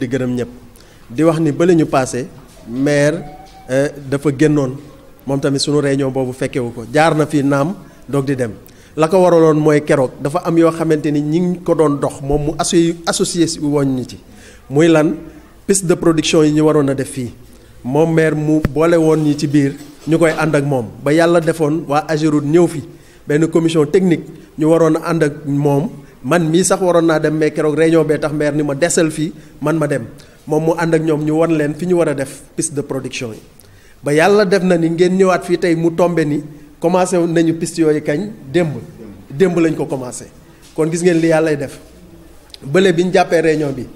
di gërëm ñëpp di wax ni bële ñu passé maire eh, dafa génnoon moom tamit sunu réunion boobu fekkewu ko jaar na fii naam doog di dem la ko waraloon mooy keroog dafa am yoo xamante ni ñi ko doon dox moom mu associé associé si woon ñu ci muy lan piste de production yi ñu waroon a def fii moom maire mu boole woon ñi ci biir ñu koy ànd ak moom ba yàlla defoon waa Ageroute ñëw fi benn commission technique ñu waroon a ànd ak moom man mii sax waroon naa dem mais keroog réunion bee tax maire ni ma desal fii man ma dem moom mu ànd ak ñoom ñu wan leen fi ñu war a def piste de production yi ba yàlla def na ni ngeen ñëwaat fii tey mu tombe ni commencé nañu piste yooyu kañ démb démb lañ ko commencé kon gis ngeen li yàllay def bële bi ñu jàppee réunion bi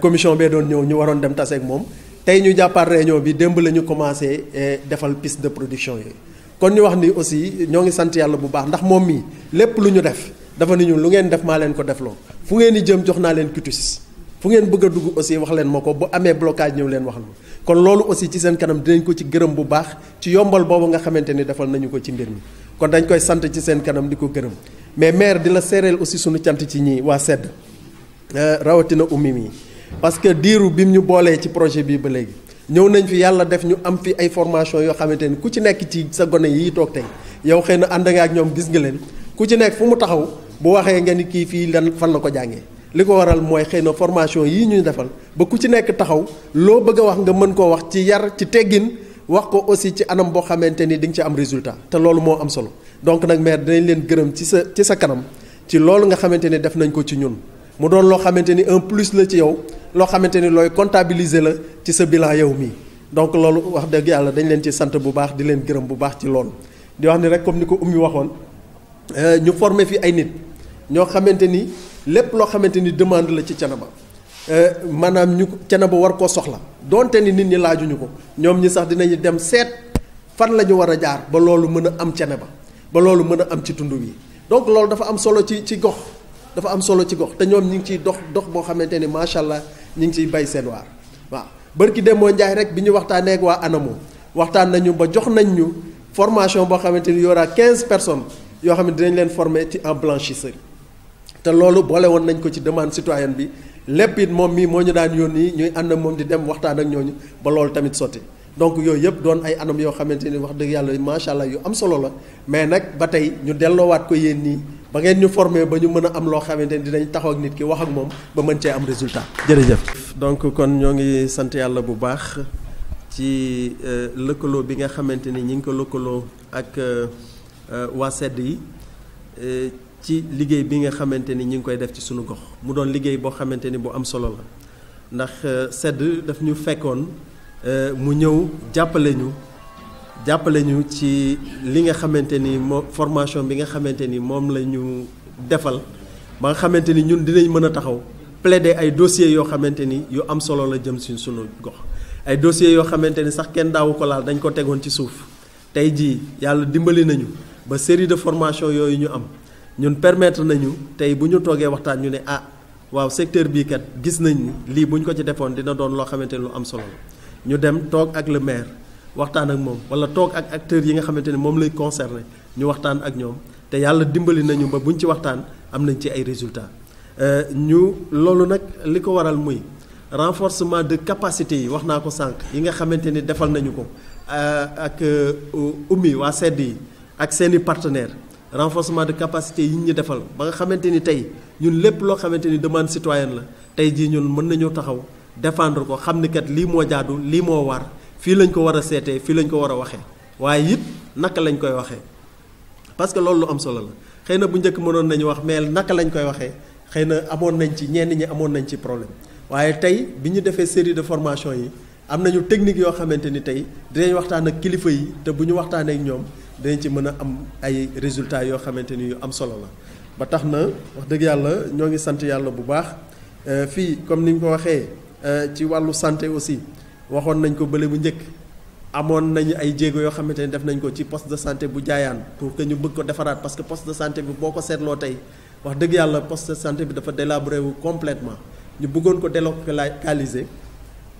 commission bee doon ñëw ñu waroon dem taseeg moom tey ñu jàppaat réunion bi démb la ñu commencé eh, defal piste de production yi kon ñu wax ni aussi ñoo ngi sant yàlla bu baax ndax moom mii lépp lu ñu def dafa ni ñu lu ngeen def maa leen ko defloo fu ngeen di jëm jox naa leen cutis fu ngeen bëgg a dugg aussi wax leen ma ko bu amee blocage ñëw leen wax ma kon loolu aussi ci seen kanam dinañ ko ci gërëm bu baax ci yombal boobu nga xamante ni defal nañu ko ci mbir mi kon dañ koy sant ci seen kanam di ko gërëm mais maire di la seereel aussi suñu cant ci ñii waa sedd euh, rawatina ummi mi parce que diiru bi mu ñu boolee ci projet bii ba léegi ñëw nañ fi yàlla def ñu am fi ay formation yoo xamante ni ku ci nekk ci sa gone yi toog tey yow xëy na ànd nga ak ñoom gis nga leen ku ci nekk fu mu taxaw bu waxee nga ni kii fii lan fan la ko jàngee li ko waral mooy xëy na formation yi ñu defal ba ku ci nekk taxaw loo bëgg a wax nga mën koo wax ci yar ci teggin wax ko aussi ci anam boo xamante ni di nga ci am résultat te loolu moo am solo donc nag maire dinañ leen gërëm ci sa ci sa kanam ci loolu nga xamante ni def nañ ko ci ñun mu doon loo xamante ni un plus la ci yow loo xamante ni looy comptabiliser la ci sa bilan yow mii donc loolu wax dëgg yàlla dañ leen ci sant bu baax di leen gërëm bu baax ci loolu di wax ni rek comme ni ko ummi waxoon Euh, ñu formé fi ay nit ñoo xamante ni lépp loo xamante ni demande la ci Thiénaba euh, maanaam ñu Thiénaba war koo soxla donte ni nit ñi laajuñu ko ñoom ñi sax dinañu dem seet fan la ñu war a jaar ba loolu mën a am Thiénaba ba loolu mën a am ci tund wi donc loolu dafa am solo ci ci gox dafa am solo ci gox te ñoom ñi ngi ciy dox dox boo xamante ni macha allah ñi ngi ciy bay seen waar waaw barki Demba Ndiaye rek bi ñu waxtaanee ak waa ANAMO waxtaan nañu ba jox nañ ñu formation boo xamante ni y aura 15 personnes. yoo xam ne dinañ leen former ci en blanchisserie te loolu boole woon nañ ko ci demande citoyenne bi lépp it moom mii moo ñu daan yónni ñuy ànd ak moom di dem waxtaan ak ñooñu ba loolu tamit sotti donc yooyu yëpp doon ay anam yoo xamante ni wax dëgg yàlla macha allah yu am solo la mais nag ba tey ñu delloowaat ko yéen nii ba ngeen ñu formé ba ñu mën a am loo xamante ni dinañ taxaw ak nit ki wax ak moom ba mën cee am résultat jërëjëf. donc kon ñoo ngi sant yàlla bu baax ci euh, lëkkaloo bi nga xamante ni ñi ngi ko lëkkaloo ak. Euh, Euh, waa sedd yi euh, ci liggéey bi nga xamante ni ñi ngi koy def ci suñu gox mu doon liggéey boo xamante ni boo am solo la ndax euh, sedd daf ñu fekkoon mu ñëw jàppale ñu jàppale ñu ci li nga xamante ni moom formation bi nga xamante ni moom la ñu defal ba nga xamante ni ñun dinañ mën a taxaw plaider ay dossiers yoo xamante ni yu am solo la jëm si sunu gox ay dossiers yoo xamante ni sax kenn daawu ko laal dañ ko tegoon ci suuf tey jii yàlla dimbali nañu ba série de formation yooyu ñu am ñun permettre nañu tey bu ñu toogee waxtaan ñu ne ah waaw secteur bii kat gis nañ ni lii bu ñu ko ci defoon dina doon loo xamante ne lu am solo la ñu dem toog ak le maire waxtaan ak moom wala toog ak acteurs yi nga xamante ne moom lay concerné ñu waxtaan ak ñoom te yàlla dimbali nañu ba buñ ci waxtaan am nañ ci ay résultats euh, ñu loolu nag li ko waral muy renforcement de capacité yi wax naa ko sànq yi nga xamante ni defal nañu ko euh, ak euh, ummi sedd yi ak seen i partenaires renforcement de capacité yi ñu defal ba nga xamante ni tey ñun lépp loo xamante ni demande citoyenne la tey jii ñun mën nañoo taxaw défendre ko xam ni kat lii moo jaadu lii moo war fii lañ ko war a seetee fii lañ ko war a waxee waaye it naka lañ koy waxee parce que loolu am solo la xëy na bu njëkk mënoon nañu wax mais naka lañ koy waxee xëy na amoon nañ ci ñenn ñi amoon nañ ci problème waaye tey bi ñu defee série de formation yi am nañu technique yoo xamante ni tey dinañ waxtaan ak kilifa yi te bu ñu waxtaanee ñoom. dañ ci mën a am ay résultats yoo xamante ni yu am solo la ba tax na wax dëgg yàlla ñoo ngi sant yàlla bu baax euh, fii comme ni ñu ko waxee euh, ci wàllu santé aussi waxoon nañ ko bale bu njëkk amoon nañu ay jéego yoo xamante ni def nañ ko ci poste de santé bu jaayaan pour que ñu bëgg ko defaraat parce que poste de santé bi boo ko seetloo tey wax dëgg yàlla poste de santé bi dafa délabré wu complètement ñu bëggoon ko délocaliser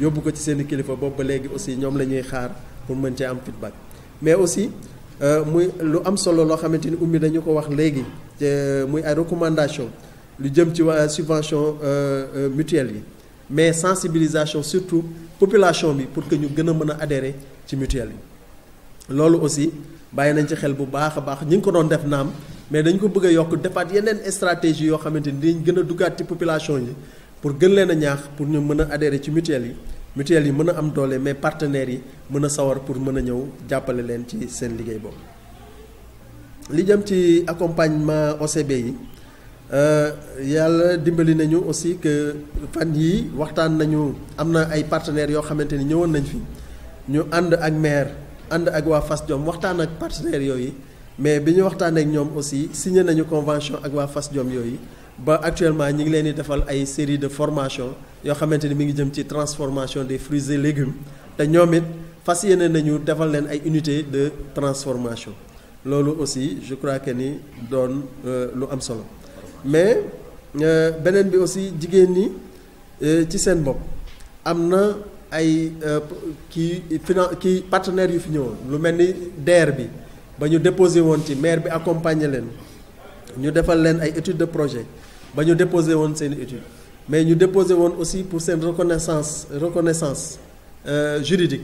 yóbbu ko ci seen i kilifa boobu ba léegi aussi ñoom la ñuy xaar pour mën cee am feedback mais aussi euh, muy lu am solo loo xamante ni ummi dañu ko wax léegi muy ay recommandation lu jëm ci waa subvention euh, euh, mutuelle yi mais sensibilisation surtout population bi pour que ñu gën a mën a adhérer ci mutuelle yi loolu aussi bàyyi nañ ci xel bu baax a baax ñi ngi ko doon def naam mais dañ ko bëgg a yokk defaat yeneen stratégie yoo xamante ni dañ gën a duggaat ci population yi pour gën leen a ñaax pour ñu mën a adhérer ci mutuelle yi mutuelle yi mën a am doole mais partenaires yi mën a sawar pour mën a ñëw jàppale leen ci seen liggéey boobu. li jëm ci accompagnement OCB yi euh, yàlla dimbali nañu aussi que fan yi waxtaan nañu am na ay partenaires yoo xamante ni ñëwoon nañ fi ñu ànd ak maire ànd ak waa fas Diom waxtaan ak partenaires yooyu mais bi ñu waxtaanee ak ñoom aussi signé nañu convention ak waa fas Diom yooyu. ba actuellement ñi ngi leen di defal ay série de formation yoo xamante ni mi ngi jëm ci transformation des fruits et légumes te ñoom it fas yéene nañu defal leen ay unité de transformation loolu aussi je crois que ni doon euh, lu am solo mais euh, beneen bi aussi jigéen ñi euh, ci seen bopp am na ay qui finan partenaire partenaires yu fi ñëwoon lu mel ni DER bi ba ñu déposé woon ci maire bi accompagner leen ñu defal leen ay études de projet ba ñu déposé woon seen étude mais ñu déposé woon aussi pour seen reconnaissance reconnaissance euh, juridique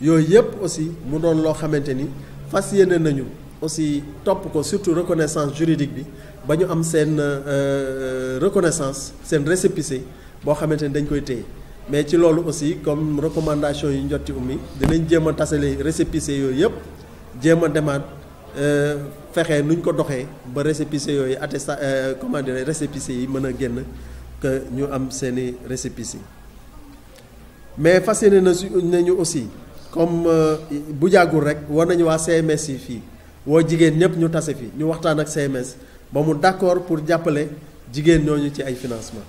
yooyu yëpp aussi mu doon loo xamante ni fas yéene nañu aussi topp ko surtout reconnaissance juridique bi ba ñu am seen euh, euh, reconnaissance seen récépissé boo xamante ni dañ koy téye mais ci loolu aussi comme recommandation yi ñu ummi dinañ jéem a tasale récépissé yooyu yëpp jéem a demaat Euh, fexe nuñ ko doxee ba récépissé yooyu attestat euh, comment dire récépissé yi mën a génn que ñu am seeni i récépissé mais fas yéene na su nañu aussi comme euh, bu jàggul rek war nañu waa CMS yi fii woo jigéen ñëpp ñu tase fii ñu waxtaan ak CMS ba mu d'accord pour jàppale jigéen ñooñu ci ay financement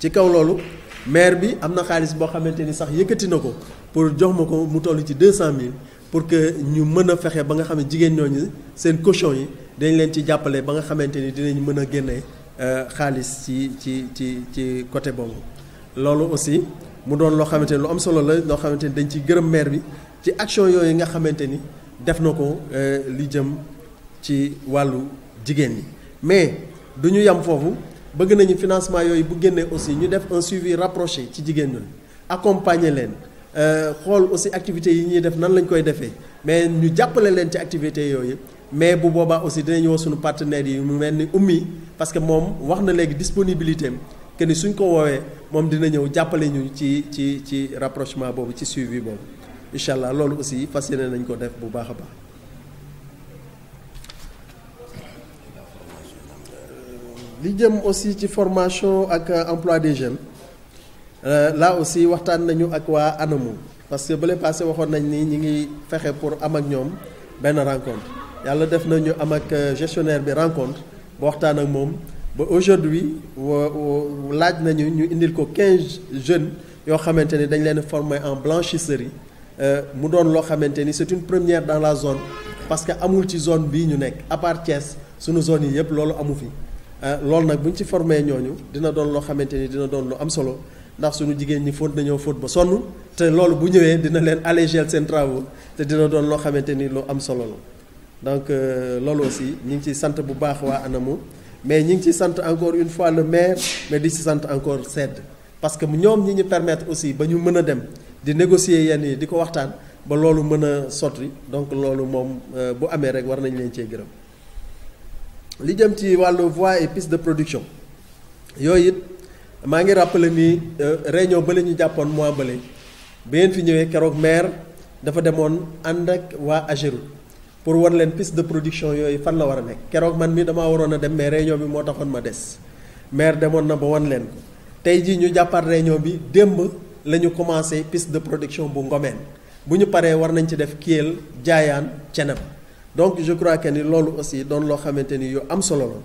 ci kaw loolu maire bi am na xaalis boo xamante ni sax yëkkati na ko pour jox ma ko mu toll ci deux cent mille pour que ñu mën a fexe ba nga xam ne jigéen ñooñu seen caution yi dañu leen ci jàppale ba nga xamante ni dinañ mën a génne euh, xaalis ci ci ci ci côté boobu. loolu aussi mu doon loo xamante ni lu am solo la loo xamante ni dañ ci gërëm maire bi ci action yooyu nga xamante ni def na ko euh, li jëm ci wàllu jigéen ñi mais du ñu yam foofu bëgg nañu financement yooyu bu génnee aussi ñu def un suivi rapproché ci jigéen ñooñu accompagner leen. Euh, xool aussi activité yi ñuy def nan lañ koy defee mais ñu jàppale leen ci activité yooyu mais bu boobaa aussi dinañ ñëw suñu partenaire yi mu mel ni ummi parce que moom wax na léegi disponibilité que ni suñ ko woowee moom dina ñëw jàppale ñu ci ci ci rapprochement boobu ci suivi boobu incha allah loolu aussi fas yéene nañ ko def bu baax a baax. li jëm aussi ci formation ak euh, emploi des jeunes. Euh, là aussi waxtaan nañu ak wa ANAMU parce que bële passé waxoon nañ ni ñi ngi fexé pour am ak ñom ben rencontre yalla def nañu am ak euh, gestionnaire bi rencontre ba waxtaan ak mom ba aujourd'hui laaj nañu ñu indil ko 15 jeunes yo xamanteni dañ leen former en blanchisserie euh, mu doon lo xamanteni c'est une première dans la zone parce que amul ci zone bi ñu nek à part Thiès suñu zone yi yëpp loolu amu fi loolu nag buñ ci formé ñooñu dina doon loo xamante ni dina doon lu am solo ndax suñu jigéen ñi fóot nañoo fóot ba sonn te loolu bu ñëwee dina leen alléger seen travaux te dina doon loo xamante ni lu am solo la donc euh, loolu aussi ñi ngi ciy sant bu baax waa ANAMO mais ñi ngi ciy sant encore une fois le maire mais di ci sant encore SEDD parce que ñoom ñi ñu permettre aussi ba ñu mën a dem di négocier yenn yi di ko waxtaan ba loolu mën a donc loolu moom euh, bu amee rek war nañ leen cee gërëm li jëm ci wàllu voie et piste de production yooyu it ma ngi rappelé ni euh, réunion bële ñu jàppoon mois bële bi fi ñëwé keroog maire dafa démone and ak wa Agéroute pour wan piste de production yoy fan la wara nek kérok keroog man mi dama warona dem mais réunion bi mo taxone ma dess maire démone na ba won ko tay ji ñu jappar réunion bi demb lañu commencer piste de production bu ngomène bu ñu paree war nañ ci def kiel jaayan ceneb donc je crois que ni lolu aussi don lo xamanteni yu am solo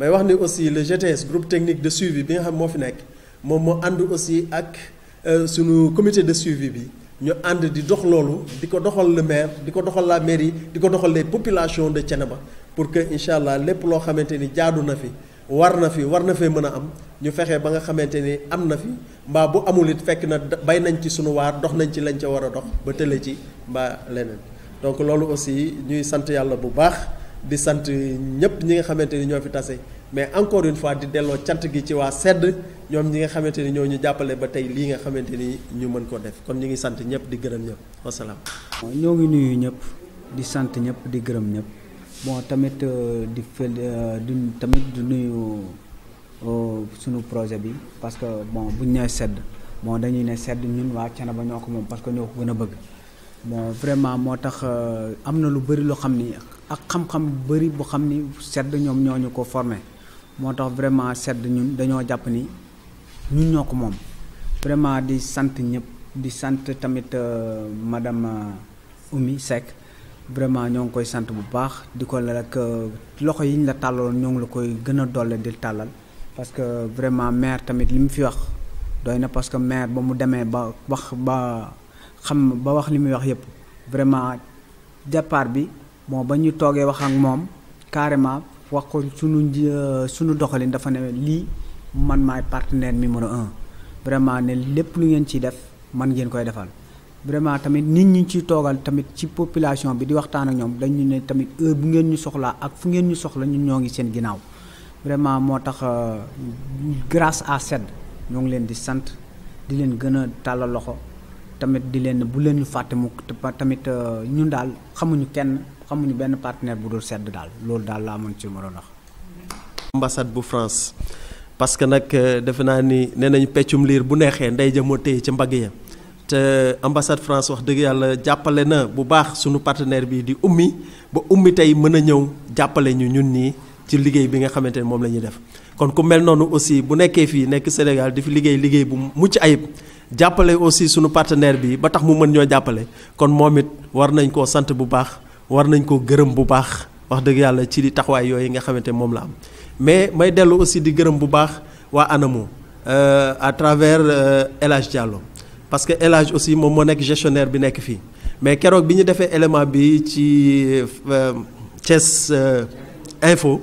may wax ni aussi le GTS groupe technique de suivi bi nga xam moo fi nekk moom moo ànd aussi ak euh, sunu comité de suivi bi ñu ànd di dox loolu di ko doxal le maire di ko doxal la mairie di ko doxal les populations de Thiénaba pour que incha allah lépp loo xamante ni jaadu na fi war na fi war na fi mën a am ñu fexe ba nga xamante ni am na fi mbaa bu amul it fekk na bay nañ ci sunu waar dox nañ ci lañ ca war a dox ba tële ci mbaa leneen donc loolu aussi ñuy sant yàlla bu baax di sant ñëpp ñi nga xamante ni ñoo fi tase mais encore une fois di delloo cant gi ci waa sedd ñoom ñi nga xamante ni ñoo ñu jàppale ba tey lii nga xamante ni ñu mën ko def kon ñi ngi sant ñëpp di gërëm ñëpp wasalaam. ñoo ngi nuyu ñëpp di sant ñëpp di gërëm ñëpp bon tamit euh, di fël euh, di tamit di nuyu euh, suñu projet bi parce que bon bu ñu sedd bon dañuy ne sedd ñun waa Thiénaba ñoo ko moom parce que ñoo ko gën a bëgg bon vraiment moo tax am na lu bëri loo xam ni xam-xam bëri sedd vraiment sedd ñun dañoo ni ñun vraiment di sant ñëpp di tamit euh, madame euh, Oumy Seck vraiment ñoo koy sant bu baax di ko loxo la la koy dolle di parce que vraiment maire tamit li parce que ba mu ba wax ba xam ba wax wax vraiment moo ba ñu toogee wax ak moom carrément wax ko sunu euh, sunu doxalin dafa ne lii man maay partenaire numéro un vraiment ne lépp lu ngeen ciy def man ngeen koy defal. vraiment tamit nit ñi ciy toogal tamit ci population bi di waxtaan ak ñoom dañu ne tamit heure bu ngeen ñu soxlaa ak fu ngeen ñu soxla ñun ñoo ngi seen ginnaaw vraiment moo tax euh, grâce à SED ñoo ngi leen di sant di leen gën a tàllal loxo. tamit di leen bu leen ñu fàtte mu tamit euh, ñun daal xamuñu kenn xamuñu benn partenaire bu dul sedd daal loolu daal laa amoon ci lu ma doon bu France parce que nag euh, defe naa ni nee nañu peccum liir bu neexee ndey ja moo téye ci mbagg ya te ambassade France wax dëgg yàlla jàppale na bu baax sunu partenaire bi di ummi ba ummi tey mën a ñëw jàppale ñu ñun nii ci liggéey bi nga xamante ne moom la ñuy def. kon ku mel noonu aussi bu nekké fi nek Sénégal di fi liggéey liggéey bu mucc ayib jappalé aussi sunu partenaire bi ba tax mu meun ñoo jappalé kon momit war nañ ko sant bu baax war nañ ko gërëm bu baax wax deug yalla ci li taxawaay yooyu nga xamanté mom la am mais may déllu aussi di gërëm bu baax waa euh à travers euh, El Hadj Diallo parce que El Hadj aussi moom moo nekk gestionnaire bi nekk fi mais kérok biñu défé élément bi ci euh, Thiès euh, Info.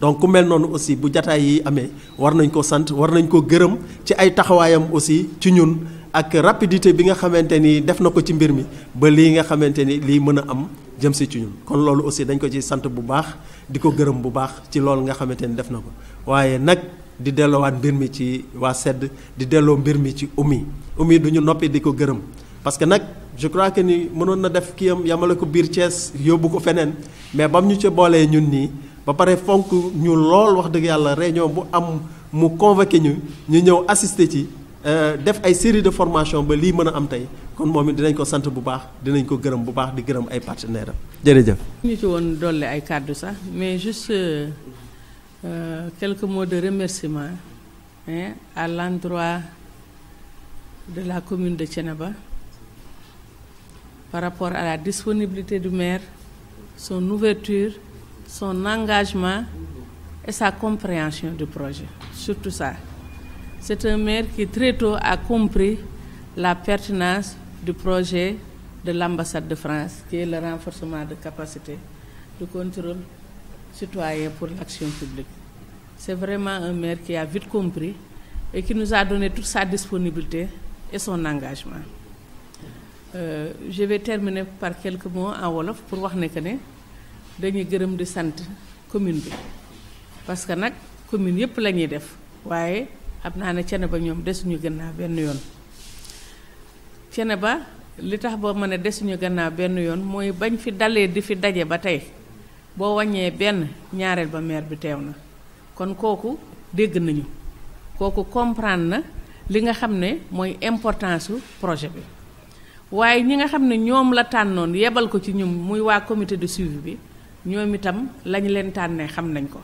donc ku mel Osi aussi bu jotaay yi amé war nañ ko sant war nañ ko gëreum ci ay taxawayam aussi ci ñun ak rapidité bi nga xamanteni ni def nako birmi, ci mbir mi ba li nga xamanteni ni mëna am jëm si ci ñun kon loolu aussi dañ ko ci sante bu baax di ko bu baax ci loolu nga xamanteni ni def nako ko nak di di wat mbir mi ci wa sedd di delo mbir mi ci umi umi duñu noppi diko ko parce que nak je crois que ni mënon na def kiyam yamalako bir ties Thiès yóbbu ko mais bam ñu ci bolé ñun ni ba pare fonk ñu lool wax dëgg yàlla réunion bu am mu convoqué ñu ñu ñëw assister ci euh, def ay série de formation ba lii mën a am tey kon moom dinañ ko sant bu baax dinañ ko gërëm bu baax di gërëm ay partenaires am jërëjëf. ñu ci woon ay sax mais juste euh, quelques mots de remerciement hein, à l'endroit de la commune de Tchénaba par rapport à la disponibilité du maire son ouverture son engagement et sa compréhension du projet. Surtout ça. C'est un maire qui très tôt a compris la pertinence du projet de l'ambassade de France, qui est le renforcement de capacité de contrôle citoyen pour l'action publique. C'est vraiment un maire qui a vite compris et qui nous a donné toute sa disponibilité et son engagement. Euh, je vais terminer par quelques mots en Wolof pour voir que dañuy gërëm di sant commune bi parce que nag commune yëpp lañuy def waaye xam naa ne ba ñoom desuñu gannaaw benn yoon. ba li tax boo mën a desuñu gannaaw benn yoon mooy bañ fi dalee di fi daje ba tey boo wàññee benn ñaareel ba maire bi teew na kon kooku dégg nañu kooku comprendre na li nga xam ne mooy importance su projet bi waaye ñi nga xam ne ñoom la tànnoon yebal ko ci ñum muy waa comité de suivi bi. ñoom itam lañ leen tànnee xam nañ ko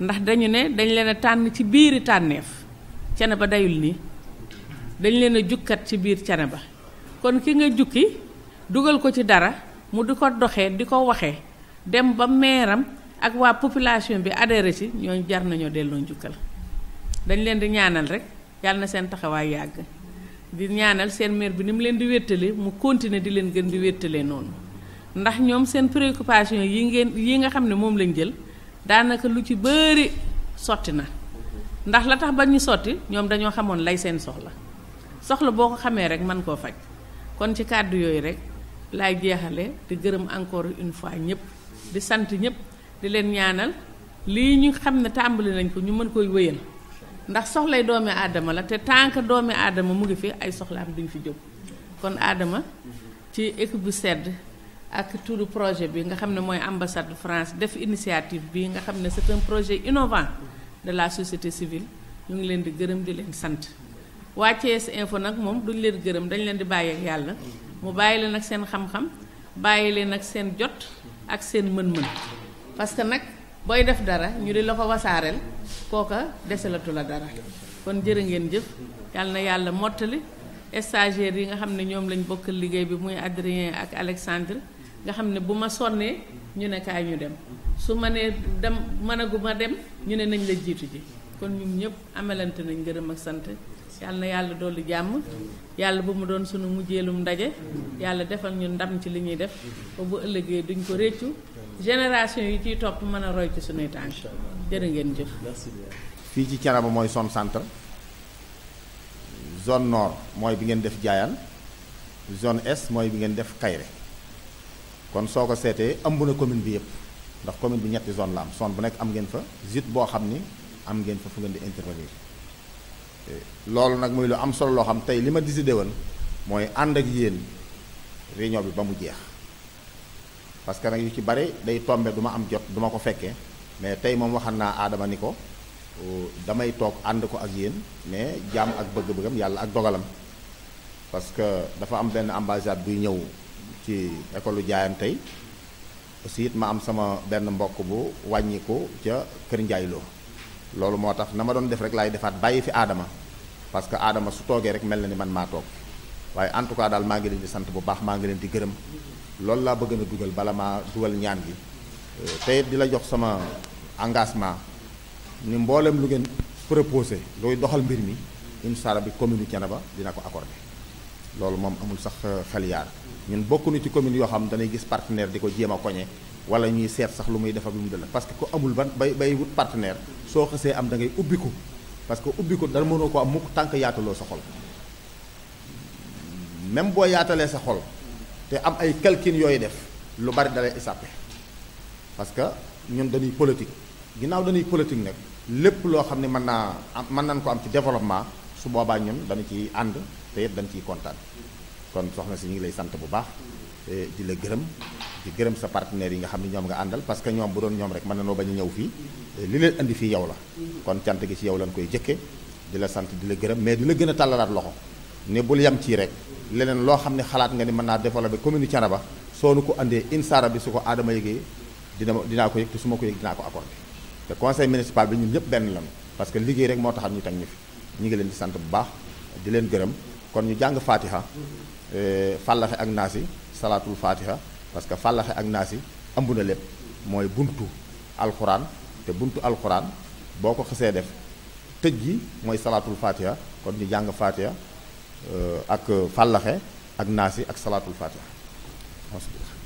ndax dañu ne dañ leen a tànn ci biiri tànneef cene ba dayul ni dañ leen jukkat ci biir cene ba kon ki nga jukki dugal ko ci dara mu di ko doxee di ko waxee dem ba meeram ak waa population bi adhéré ci ñoo jar nañu delloo jukkal dañ leen di ñaanal rek yàlla na seen taxawaay yàgg di ñaanal seen maire bi ni mu leen di wéttale mu continuer di leen gën di wéttale noonu ndax ñoom seen préoccupation yi ngeen yi nga xam ne moom lañ jël daanaka lu ci bëri sotti na ndax la tax ba ñu sotti ñoom dañoo xamoon lay seen soxla soxla boo ko xamee rek man koo faj kon ci kàddu yooyu rek laay jeexale di gërëm encore une fois ñëpp di sant ñëpp di leen ñaanal lii ñu xam ne tàmbali nañ ko ñu mën koy wéyal ndax soxlay doomi aadama la te tant que doomi aadama mu ngi fi ay soxlaam duñ fi jóg kon aadama ci équipe bu sedd ak turu projet bi nga xam ne mooy ambassade de France def initiative bi nga xam ne c'est un projet innovant de la société civile ñu ngi leen di gërëm di leen sant waa Thiès Info nag moom duñ leen gërëm dañ leen di bàyyi ak yàlla mu bàyyi leen ak seen xam-xam bàyyi leen ak seen jot ak seen mën-mën parce que nag booy def dara ñu di la ko wasaareel kooka deselatu la dara kon jërë ngeen jëf yàlla yàlla mottali stagiaires yi nga xam ne ñoom lañ bokkal liggéey bi muy Adrien ak Alexandre nga xam ne bu ma sonnee ñu ne kaay ñu dem su ma nee dem mënagu dem ñu ne nañ la jiitu ji kon ñun ñëpp amalante nañ ngërëm ak sant yàlla na yàlla dolli jàmm yàlla bu ma doon sunu mujjeelum ndaje yàlla defal ñu ndam ci li ñuy def ba bu ëllëgee duñ ko réccu génération yi ciy topp mën a roy ci sunuy tànk jërë ngeen jëf fii ci Thiénaba mooy zone centre zone nord mooy bi ngeen def Diayane zone est mooy bi ngeen def Kayre kon soo ko seetee ëmb na commune bi yëpp ndax commune bi ñetti zone la am zone bu nekk am ngeen fa ZIT boo xam ni am ngeen fa fu ngeen di intervenir eh, loolu nag muy lu am solo loo xam tey li ma décidé woon mooy ànd ak yéen réunion bi ba mu jeex parce que nag yu ci bari day tombe du ma am jot du ma ko fekkee mais tey moom waxan naa aadama ni ko oh, damay toog ànd ko ak yéen mais jaam ak bëgg-bëggam yàlla ak dogalam parce que dafa am benn ambassade buy ñëw ci école jaayam tay aussi ma am sama benn mbokk bu wañiko ci keur njaay lo loolu motax nama don def rek lay defat bayyi fi adama parce que adama su toge rek mel ni man ma tok waye en tout cas dal ma ngi di sante bu baax ma ngi di gërëm loolu la bëgg na duggal bala ma duggal ñaan gi tay di la jox sama engagement ni mboolem lu ngeen proposer loy doxal mbir mi une allah bi na ba dina ko accorder loolu moom amul sax euh, xel yaar ñun bokkuñu ci commune yoo xam danay gis partenaire di ko jéem a koñe wala ñuy seet sax lu muy def ak lu mu dëla parce que ku amul ban bay bay wut partenaire soo xasee am da ngay ubbiku parce que ubbiku dara mënoo ko am mukk tànk yaataloo sa boo yaatalee sa te am ay calcul yooyu def lu bari dalay échappé parce que ñun dañuy politique ginnaaw dañuy politique nag lépp loo xam ne mën naa mën nañ ko am ci développement su boobaa ñun dañu ci ànd te it dañ ciy kontaan kon soxna si ñu ngi lay sant bu baax e, di la gërëm di gërëm sa partenaires yi nga xam ne ñoom nga àndal parce que ñoom bu doon ñoom rek mën na noo ñu a ñëw fii e, li leen indi fii yow la kon cant gi ci yow lañ koy jëkke di la sant di la gërëm mais di la gën a tàllalaat loxo ne bul yam ci rek leneen loo xam ne xalaat nga ni mën naa développé commune Thiénaba soo nu ko andee insaara bi su ko aadama yëgee dina dinaa ko yëg te su ma ko yëg ko accordé te conseil municipal bi ñëpp benn lañu parce que liggéey rek moo taxat ñu teg ñu ñu ngi leen di sant bu baax di leen gërëm kon ñu jàng fatiha eh, fàllaxe ak naasi salaatul fatiha parce que fàllaxe ak naasi ëmb na lépp mooy buntu alxuraan te buntu alxuraan boo ko xasee def tëj gi mooy salaatul fatiha kon ñu jàng fatiha eh, ak fàllaxe ak naasi ak salaatul fatiha